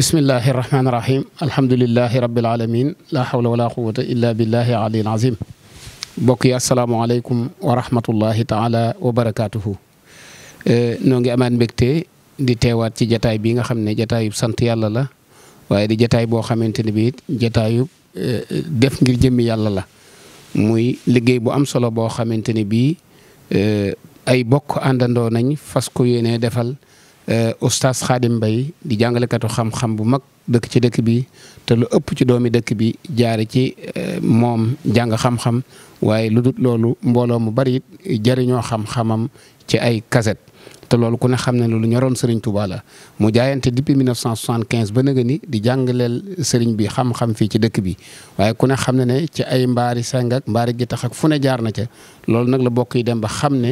bismillahi rahmaani rahim alhamdulilahi rabil aalamiin laa xawla wala quwwata illa billahi aliyil azim mbokk yi asalaamualeykum wa rahmatullahi taala wa barakaatuhu. Eh, noo ngi amaat mbégte di teewaat ci jataay bi nga xam ne jataayub sant yàlla la waaye di jataay boo xamante ne bi jataayub eh, def ngir jëmmi yàlla la muy liggéey bu am solo boo xamante ne bii eh, ay bokk àndandoo nañ fas ko defal. Eh, oustaz Khadim mbay di jàngalekatu xam-xam bu mag dëkk ci dëkk bi te lu ëpp ci doomi dëkk bi jaare ci eh, moom jàng xam-xam waaye lu dut loolu mbooloo mu bari jariñoo xam-xamam ci ay kaset te loolu ku ne xam ne lu ñoroon Serigne Touba la mu jaayante depuis 1975 ba nëgë ni di jàngaleel Serigne bi xam-xam fii ci dëkk bi waaye ku ne xam ne ne ci ay mbaari seng mbaari gi tax ak fu ne jaar na ca loolu nag la bokk yi dem ba xam ne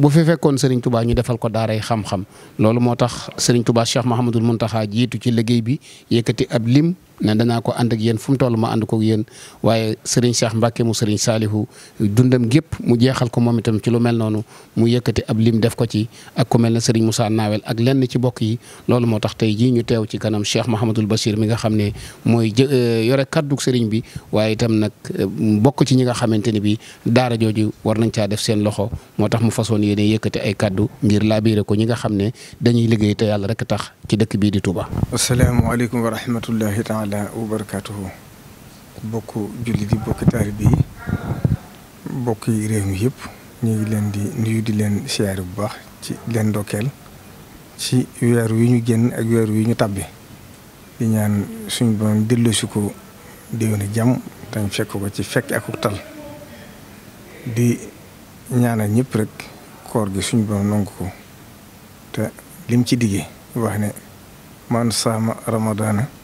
bu fi fekkoon Serigne Touba ñu defal ko daaray xam-xam loolu moo tax Serigne Touba Cheikh Mouhamadul Mountakha jiitu ci liggéey bi yëkkati ab lim. ne danaa ko ànd ak yéen fu mu toll ma ànd ko yéen waaye Serigne Cheikh mbakke mu Serigne Salihu dundam gépp mu jeexal ko moom itam ci lu mel noonu mu yëkkati ab lim def ko ci ak ku mel ne Serigne Moussa Nawel ak lenn ci bokk yi loolu moo tax tey jii ñu teew ci kanam Cheikh Mahamadul Bachir mi nga xam ne mooy euh, yore kaddug Serigne bi waaye itam nag euh, bokk ci ñi nga xamante ni bi daara jooju war nañ caa def seen loxo moo tax mu fasoon yéene yëkkati ay kaddu ngir laabire ko ñi nga xam ne dañuy liggéey te yàlla rek tax ci dëkk bii di tuba asalaamaaleykum taala wa barakaatuhu bokk jullit yi bokk taalibe yi bokk réew mi yëpp ñu leen di nuyu di leen siyaare bu baax ci leen ndokkeel ci weer wi ñu génn ak weer wi ñu tàbbi di ñaan suñu borom delloosi ko déwén jàmm tañ fekk ko ci fekk ak tal di ñaanal ñëpp rek koor gi suñu borom nangu ko te lim ci diggee wax ne man saama ramadaana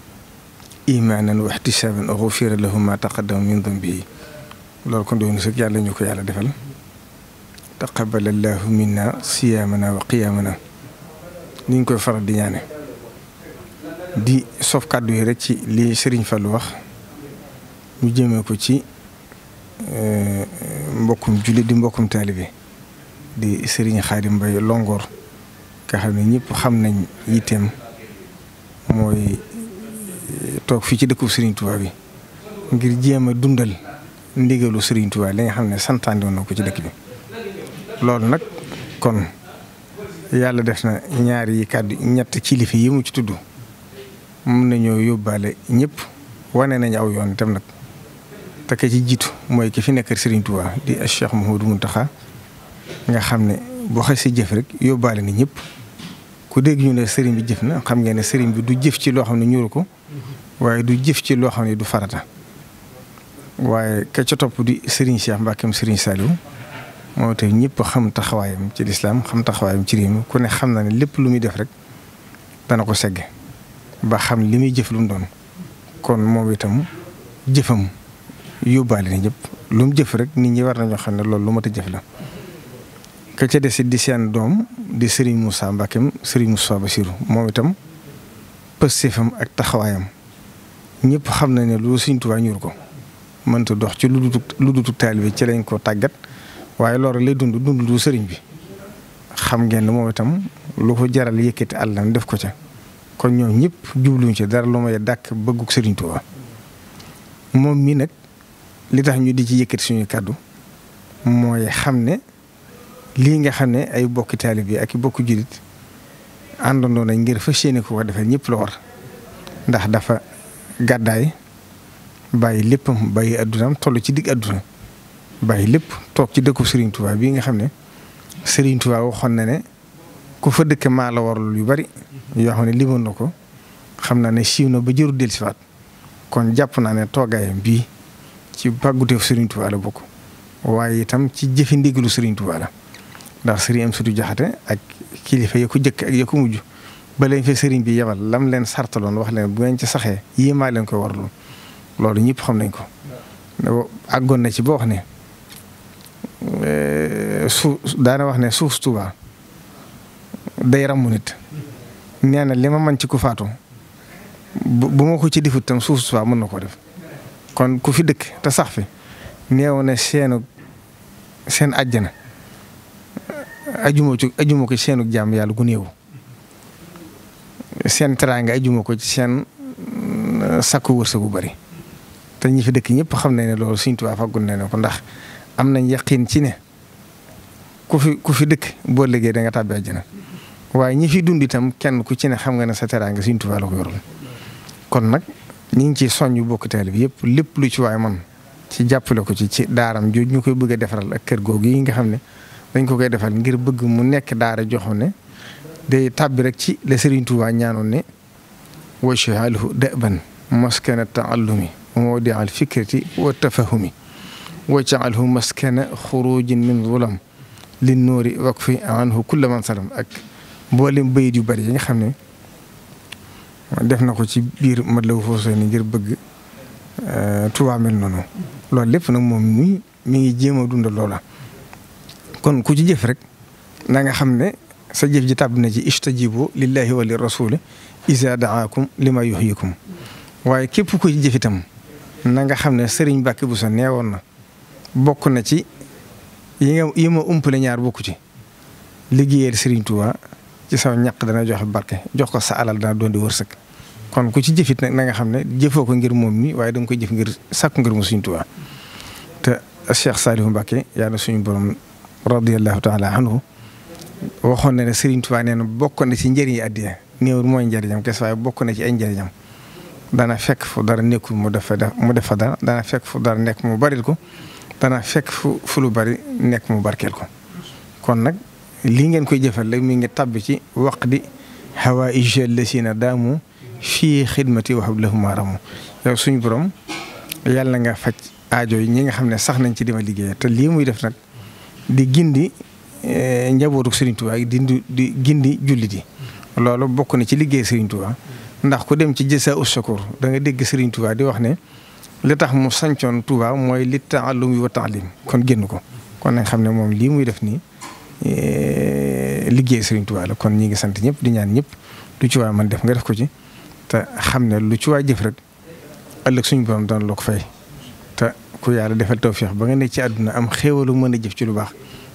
imaanan wa ixtisaaban xufira lahu ma taqaddama min dambihi loolu kon doon sëg yàlla ñu ko yàlla defal taqabbal allahu minna siyaamana wa qiyaamana ni ñu koy faral di ñaane di sof kàddu yi rek ci li Serigne Fallou wax ñu jëmee ko ci euh, mbokkum jullit di mbokkum taalibe di sëriñ Xaadim Mbay Longoor nga xam ne xam nañ yitteem mooy toog fii ci dëkku Serigne Touba bi ngir jéem a dundal ndigalu Serigne Touba li xam ne santaandoon na ko ci dëkk bi loolu nag kon yàlla def na ñaar yi kàddu ñett kilifa yi mu ci tudd mun nañoo yóbbaale ñépp wane nañ aw yoon itam nag te ka ci jiitu mooy ki fi nekk Serigne Touba di Cheikh Mouhamadou Mountakha nga xam ne boo xasee jëf rek yóbbaale na ñëpp. ku dégg ñu ne sëriñ bi jëf na xam ngeen ne sëriñ bi du jëf ci loo xam ne ñuuru ko waaye du jëf ci loo xam ne du farata waaye ka ca topp di sëriñ Cheikh Mbackeem sëriñ Saliou moo tax ñëpp xam taxawaayam ci lislaam xam taxawaayam ci réew xam na lépp lu muy def rek dana ko segg ba xam li muy jëf lu mu doon kon moom itam jëfam yóbbaale ne ñëpp lu mu jëf rek nit ñi war nañoo xam ne loolu lu mat a jëf la. ka ca desit di seen doom di sëriñ Serigne Moussa Mbacke Serigne Moussa Bassirou moom itam pëstéefam ak taxawaayam ñëpp xam na ne lu Serigne Touba ñuur ko mënta dox ci lu dutu lu ci lañ ko tàggat waaye loolu lay dund dund du Serigne bi xam ngeen ne moom itam lu ko jaral yëkkati àllam def ko ca kon ñoom ñëpp jubluñ ci dara lu may dàkk bëgguk Serigne Touba moom mii nag li tax ñu di ci yëkkati suñu kàddu mooy xam ne. lii nga xam ne ay bokki taalib ak i bokk jullit àndandoo nañ ngir fas yéene ko defee ñëpp la war ndax dafa gàddaay bàyyi léppam bàyyi addunaam toll ci digg adduna bàyyi lépp toog ci dëkku Serigne Touba bii nga xam ne Serigne Touba waxoon na ne ku fa dëkk maa la warul yu bari yoo xam ne limoon na ko xam naa ne siiw na ba jëru dellusiwaat kon jàpp naa ne toogaayam bii ci bàgguteef Serigne Touba la bokk waaye itam ci jëfi ndigalu Serigne Touba ndax sëriñ am sutu jaxate ak kilifa ya ko jëkk ak ya mujj ba leen fee sëriñ bi yebal lam leen sartaloon wax leen bu ngeen ci saxee yii maa leen koy warlu loolu ñëpp xam nañ ko. àggoon na ci boo wax ne eh, suuf wax ne suuf Tuuba day ràmmu nit. nee na li mën ci ku faatu bu ma ko ci defut tam suuf mën na koo def kon ku fi dëkk ta sax fi néew na seen seen àjjana. ajuma ci ajuma ko seenu jàmm yàlla gu néew seen teraanga ajuma ko ci seen mm, sakku wërsëg bu bari te ñi fi dëkk ñëpp xam nañ ne loolu Sëriñ Tuubaa faggul nañ ne ko ndax am nañ yaqin ci ne ku fi ku fi dëkk boo liggéey da nga tàbbi àjjana waaye ñi fi dund itam kenn ku ci ne xam nga ne sa teraanga Sëriñ ko yorul kon nag ñu ngi ciy soññ bokk teel bi yëpp lépp lu ci waaye man ci jàppale ko ci ci daaram jooju ñu koy bëgg a defaral ak kër googu yi nga xam ne. dañ ko koy defal ngir bëgg mu nekk daara joxoon ne day tàbbi rek ci la Serigne Touba ñaanoon ne waj'alhu da'ban maskana ta'allumi wa mawdi'a al-fikrati wa tafahumi waj'alhu min zulam lin nuuri wakfi anhu kulla man salam ak mboolem bayit yu bari yi xam ne def na ko ci biir Matlaboul Fawzayni ngir bëgg euh, Touba mel noonu loolu lépp nag moom mi mi ngi jéem a loola kon ku ci jëf rek na nga xam ne sa jëf ji tàbb na ci istajibu lillahi wa li rasuli isa daakum li ma yuhyikum waaye képp ku ci jëf itam na nga xam ne sëriñ Mbàkke bu sa neewoon na bokk na ci yi nga yi ma umpale ñaar bokku ci liggéeyal sëriñ Tuubaa ci sa ñaq dana joxe barke jox ko sa alal dana doon di wërsëg kon ku ci jëfit nag na nga xam ne jëfoo ko ngir moom mi waaye da nga koy jëf ngir sàkku ngir mu sëriñ Tuubaa te Cheikh Saliou Mbàkke yàlla suñu borom radiyallahu taala anhu waxoon na ne Serigne Touba nee na bokk na ci njëriñ addiya néewul mooy njëriñam kes waaye bokk na ci ay njëriñam dana fekk fu dara mu def mu def fa dara dana fekk fu nekk moo baril ko dana fekk fu fu lu bari nekk mu barkeel ko kon nag lii ngeen koy jëfal rek mi ngi tàbbi ci waq di hawa ijel la si na daamu fii xidmati waxab lahuma ramu yow suñu borom yàlla nga faj aajo yi ñi nga xam ne sax nañ ci dima liggéey te lii muy def nag di gindi eh, njabootu Serigne Touba di di gindi jullit yi loolu bokk na ci liggéey Serigne Touba ndax ku dem ci jësa ushakur danga dégg Serigne Touba di wax ne li tax mu sancoon tubaa mooy li taallum wa taalim kon génn ko kon nañ xam ne moom lii muy def nii eh, liggéey Serigne Touba la kon ñi ngi sant ñëpp di ñaan ñëpp lu ci man def nga def ko ci te xam ne lu ci waa jëf rek ëllëg suñu borom daan loo ko fay. ku yàlla defal tawféex ba nga ne ci àdduna am xéewalu mën a jëf ci lu baax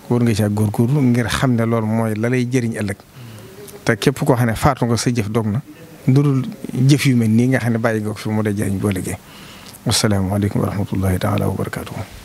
war nga caa góorgóorlu ngir xam ne loolu mooy la lay jëriñ ëllëg te képp koo xam ne faatu nga sa jëf dog na ndurul jëf yu mel nii nga xam ne bàyyi nga ko fi mu lay jëriñ boo liggéey. asalaamaaleykum wa rahmatullahi taala wa barakaatuhu